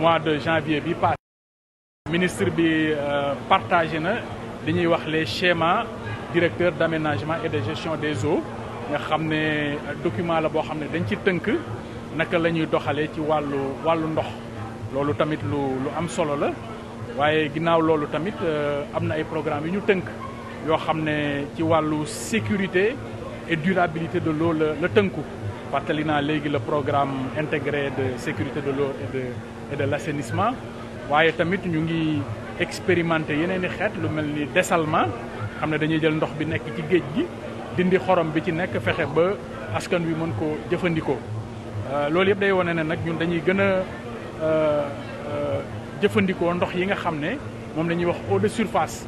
mois de janvier bi passé ministre bi euh, partagé na li ñuy wax les schémas directeurs d'aménagement et de gestion des eaux nga xam ne euh, document la boo xam ne dañ ci tënk naka la ñuy doxalee ci wàllu wàllu ndox loolu tamit lu lu am solo la waaye ginnaaw loolu tamit euh, am na ay programmes yu ñu tënk yoo xam ne ci wàllu sécurité et durabilité de l'eau la tënku fàttali naa léegi la programme intégré de sécurité de l'eau et de et waaye tamit ñu ngi expérimenter yeneen i xeet lu mel ni dessalement xam ne dañuy jël ndox bi nekk ci géej gi dindi xorom bi ci nekk fexe ba askan wi mën koo jëfandikoo euh, loolu yëpp day wane ne nag ñun dañuy gën a euh, euh, jëfandikoo ndox yi nga xam ne moom la ñuy wax eau de surface